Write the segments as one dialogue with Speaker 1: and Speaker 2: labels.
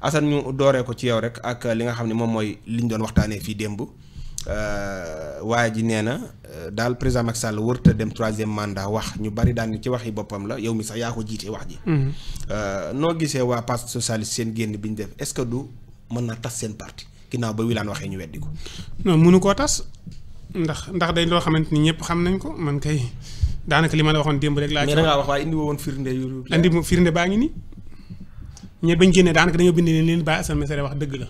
Speaker 1: Assane ñu dooree ko ci yow rek ak li nga xam ne moom mooy li ñu doon waxtaanee fii démb euh, waaye ji nee na euh, daal président Macky Sall wërta dem troisième mandat wax ñu bari daan ci wax yi boppam la yow mi sax yaa ko jiite wax ji. Mm-hmm. Euh, noo gisee waa parti socialiste seen génn bi ñu def est-ce que du mën naa tas seen parti ginnaaw ba Wilane waxee ñu weddi ko. non mënu koo tas ndax ndax day loo xamante ni ñëpp xam nañ ko man kay daanaka li ma la waxoon démb rek. laa ci wax mais baa ngi nii. ñe bañ génnee daanaka dañoo bind ne leen bàyyi Assane Mesere wax dëgg la.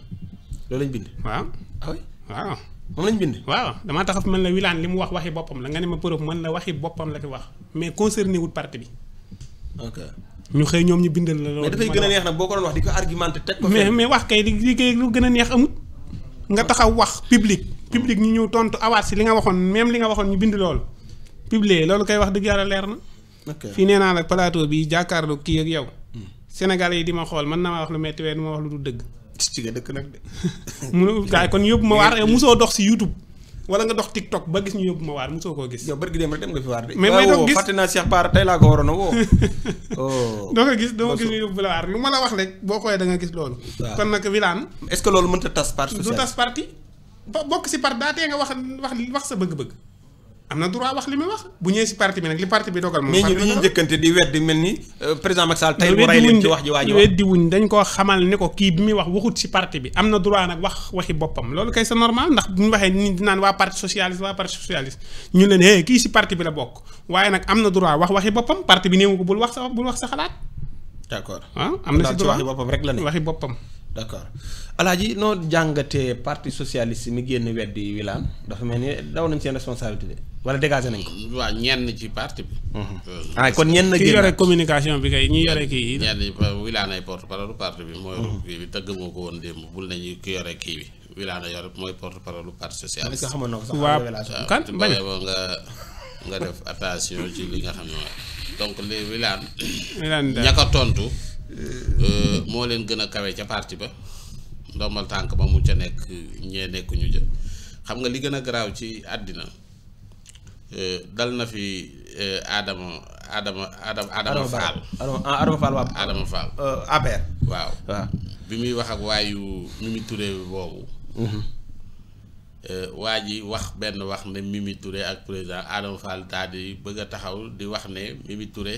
Speaker 1: loolu lañ bind. waaw ah waaw. moom lañ bind. waaw damaa taxaf man la Wilane li mu wax waxi boppam la nga ne ma preuve man la waxi boppam la fi wax mais concerné wut parti bi. ok ñu xëy ñoom ñu bindal la. loolu mais gën neex nag boo ko wax di ko argumenté teg ko. mais mais wax kay di liggéey lu gën a neex amut. nga taxaw wax public. public ñu ñëw tontu awaat si li nga waxoon même li nga waxoon ñu bind loolu. publier loolu kay wax dëgg yàlla leer na. ok fii nee naa la plateau bi jàkkaarloo kii ak yow Sénégalais yi di ma xool mën na maa wax lu metti waaye du ma wax lu du dëgg. ci nga dëkk nag de. munu gaay kon yóbbu ma waar musoo dox si YouTube. wala nga dox TikTok ba gis ñu yóbbu ma waar musoo koo gis. yow barki dem rek dem nga fi waar de. mais may dox gis a woo. oh doo ko gis doo gis ñu yóbbu la waar lu ma la wax rek boo xoolee da nga gis loolu. kon nag Wilane. est-ce que loolu mënut a tas parti. du bokk si parti daa tee nga wax wax wax sa bëgg-bëgg. am na droit wax li muy wax bu ñëwee si parti bi nag li parti bi dogal. moom mais ñun ñu njëkkante di weddi mel ni euh, président Macky Sall tey mu waa ji wax weddi wuñ dañ ne ko kii bi muy wax waxut si parti bi am na droit nag wax waxi boppam loolu kay c'est normal ndax bu ñu waxee nii dinaan waa parti socialiste waa parti ñu leen hee kii si parti bi la bokk waaye nag am na droit wax waxi boppam parti bi néewu ko bul wax sa bul sa xalaat. d'accord ah am na si droit waxi boppam rek la ne waxi boppam. d' accord ji noo jàngatee parti socialiste mi génn weddi Wilane dafa mel ni daw nañ seen responsabilité wala dégagé nañ ko.
Speaker 2: waa ñenn ci parti bi. Mhm. Euh, ah, kon ñenn génn yore communication bi kay ñi yore kii. ñenn ñi euh, Wilane ay porte parole bi. mooy mhm. kii ko woon démb bul nañu ki yore kii bi Wilane yore mooy porte parole lu parti socialiste. est-ce que xamoon na ko sax waaw kan bañ nga nga def attention ci li nga xam ne donc li Wilane. Wilane ñaka tontu. Euh, moo leen gën a kawe ca parti ba ndombal tànk ba mu ca nekk ñee nekkuñu ñu xam nga li gën a garaaw ci àddina euh, dal na fi euh, Adama Adama Adama Adama Fall Adama Fall ah, waaw Adama Fall APR waaw waaw mm-hmm. waa ji wax benn wax ne Mimi Touré ak président Adama Fall daal bëgg a taxaw di wax ne Mimi ture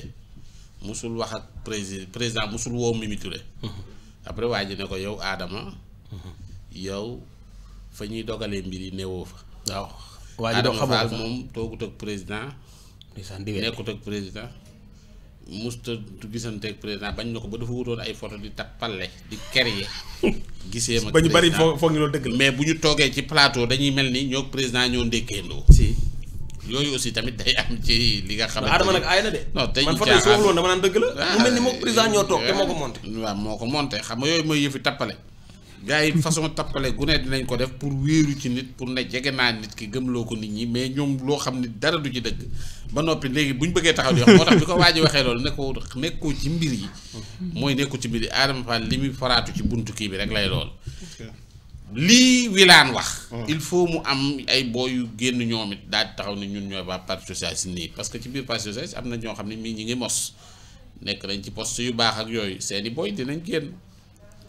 Speaker 2: musul wax ak président président musul woo Mimi mm-hmm. après waa ji ne ko yow Adama. Mm-hmm. yow fa ñuy dogalee mbir yi newoo fa. waaw waa ji doo xamul Adama Fall moom toogut ak président. nekkut ak président. musta gisante ak président bañ na ko ba dafa wutoon ay photo di tappale di créer. gisee ma ba ñu bari foog ñu loolu dëgg la mais bu ñu toogee ci plateau dañuy mel ni ñoo président ñoo ndékkeendoo si yooyu aussi tamit day am ci li nga xam ne Adama nag aay na de non tey man fa tey su wax loolu dama naan dëgg la ah, mu mel ni moom président ñoo toog te moo ko monté waaw moo ko monté xam nga yooyu mooy yëfi tappale gaa yi façon tappale gu dinañ ko def pour wéeru ci nit pour ne jege naa nit ki gëmloo ko nit ñi mais ñoom loo xam ne dara du ci dëgg ba noppi léegi bu ñu bëggee taxaw di wax moo tax bi ko waa ji waxee loolu nekkoo nekkoo ci mbir yi mooy nekkoo ci mbir yi Adama Fall li muy faraatu ci buntu kii bi rek lay loolu lii wilaan wax. Mm. il faut mu am ay booy yu génn ñoom it daal taxaw ne ñun ñoo waa parti socialiste nii parce que ci biir parti socialiste am na ñoo xam ne mii ñi ngi mos nekk nañ ci post yu baax ak yooyu seeni booy dinañ génn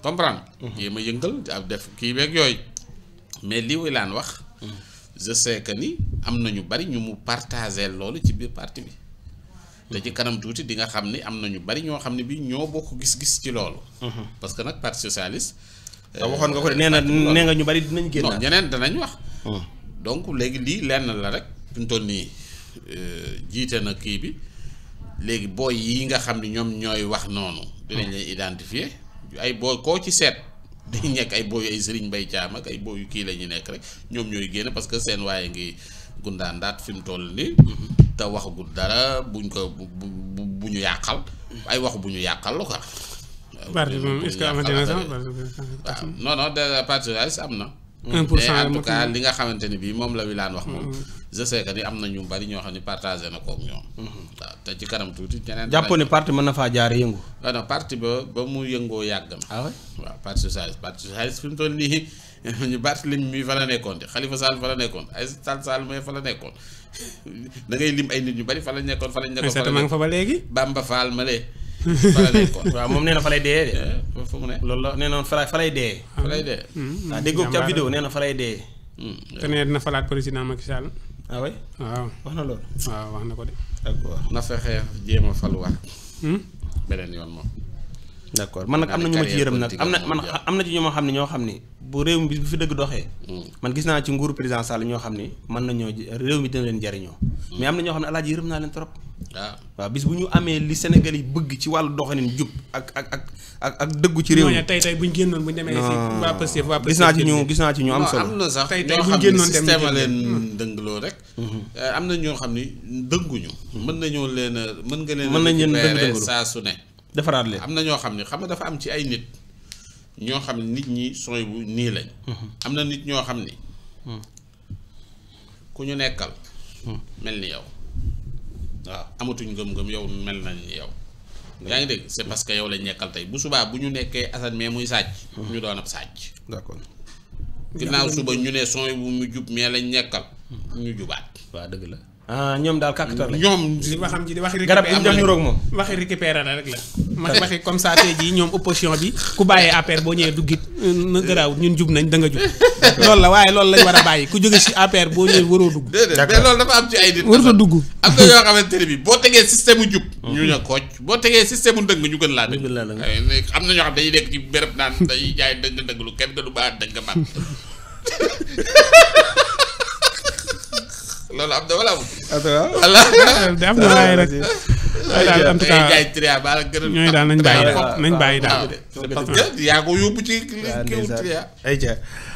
Speaker 2: comprendre. jéem mm-hmm. a yëngal ak def kii beeg yooyu mais lii wilaan wax. Mm. je sais que ni am na ñu bari ñu mu partagé loolu ci biir parti bi. te ci mm-hmm. kanam tuuti di nga xam ni am na ñu bari ñoo xam ne bii ñoo bokk gis-gis ci loolu. Mm-hmm. parce que te waxoon nga ko nee na nee nga ñu bari dinañ génn. non ñeneen danañ wax. Hmm. donc léegi lii lenn la rek. fi mu toll nii euh, jiite na kii bi léegi booy yi nga xam ne ñoom ñooy wax noonu. dinañ hmm. leen identifier ay booy koo ci seet. dañu nekk ay booy ay Serigne Mbaye Thiam ak ay booy kii la ñuy nekk rek ñoom ñooy génn parce que seen waaye ngi gundaan daat fi mu toll nii. Hmm. te waxagul dara buñ ko bu bu yàqal. ay wax bu ñu yàqal la quoi. parti moom est-ce que amati na sax waaw ah, non parti socialiste am na. un pour cent mais en tout cas li nga xamante ni bii moom la Wilane wax moom. Mm-hmm. je am na ñu bari ñoo xam ne partagé na kook ñoom. Mm-hmm. waaw te ci kanam tuuti. ñeneen jàpp
Speaker 1: parti mën na faa jaar yëngu.
Speaker 2: Ah non parti ba mu yëngoo yàgg na. ah waaw parti socialiste parti socialiste nii ñu baat lim mi fa la nekkoon de Khalifa Sall fa la nekkoon ay Sall Sall mooy fa la nekkoon da ngay lim ay nit ñu bari fa la nekkoon fa la nekkoon. fa la nekkoon fa ba léegi. Bamba Fall Male. waaw moom nee na fa dee de. foofu mu ne loolu la nee na fa fa lay dee. Ah. fa lay dee. Hmm, hmm. waaw déggoo ca vidéo nee na fa dee. Hmm. te nee
Speaker 1: dina falaat président Macky Sall. ah oui waaw wax na loolu. wax na ko de. d'accord
Speaker 2: na fexe jéem a faluwaat. beneen yoon moom. d'accord man nag am na ñu ma ci yërëm nag am na man
Speaker 1: am na ci ñoo xam ne ñoo xam ne bu réew mi bu fi dëgg doxee. man gis naa ci nguuru président Sall ñoo xam ni mën nañoo réew mi dina leen jariñoo mais am na ñoo xam ne alaaji naa leen trop. waaw ah. waaw bis bu ñu amee li senegal yi bëgg ci wàllu doxalin jub ak ak ak ak dëggu ci réew mi. tey tey bu ñu génnoon bu ñu demee fii waa Pastef waa gis naa ci ñu gis naa ci ñu am solo am na sax tey tey bu ñu génnoon dem système a leen
Speaker 2: dëngloo rek. Mhm. Eh, am na ñoo xam ni dënguñu. Mhm. mën nañoo leen a mën nga leen. mën nañ leen dëng saa su ne. defaraat leen am na ñoo xam ne xam nga dafa am ci ay nit ñoo xam ne nit ñi sooy bu nii lañ. Mhm. am na nit ñoo xam ni. ku ñu nekkal. mel ni waaw amatuñ ngëm-ngëm yow mel nañ yow yaa ngi dégg c'est parce que yow lañ nekkal tey bu subaa bu ñu nekkee Assane mais muy sàcc ñu doon ab sàcc d'accord ginnaaw suba ñu ne son bu mu jub mais lañ nekkal ñu jubaat
Speaker 1: waa dëgg la ah, ñoom daal kàkkatar la ñoom li waxam ci di garab gi ñu jox ñu roog moom waxi récupéré la rek la ma waxee comme ça tey jii ñoom opposition bi ku bàyyee APR boo ñëwee duggit na garaawut ñun jub nañ da nga jub loolu la waaye loolu lañ war a bàyyi ku jóge si APR boo
Speaker 2: ñëwee dugg. mais loolu dafa am ci ay nit. a dugg am na xamante ne bi boo tegee système mu jub. Hmm. ñu ne kooc boo tegee système mu dëng ñu gën laa dëng. Eh, am na ñoo xam dañuy nekk ci béréb naan dañuy jaay dëng dëng lu kenn gënu baax dëng man loolu am na wala amul. Ah. am na waaw. daal en tout cas ñooy daal nañ bàyyi daal nañ bàyyi daal. yaa ko yóbbu ci kii
Speaker 1: ay ja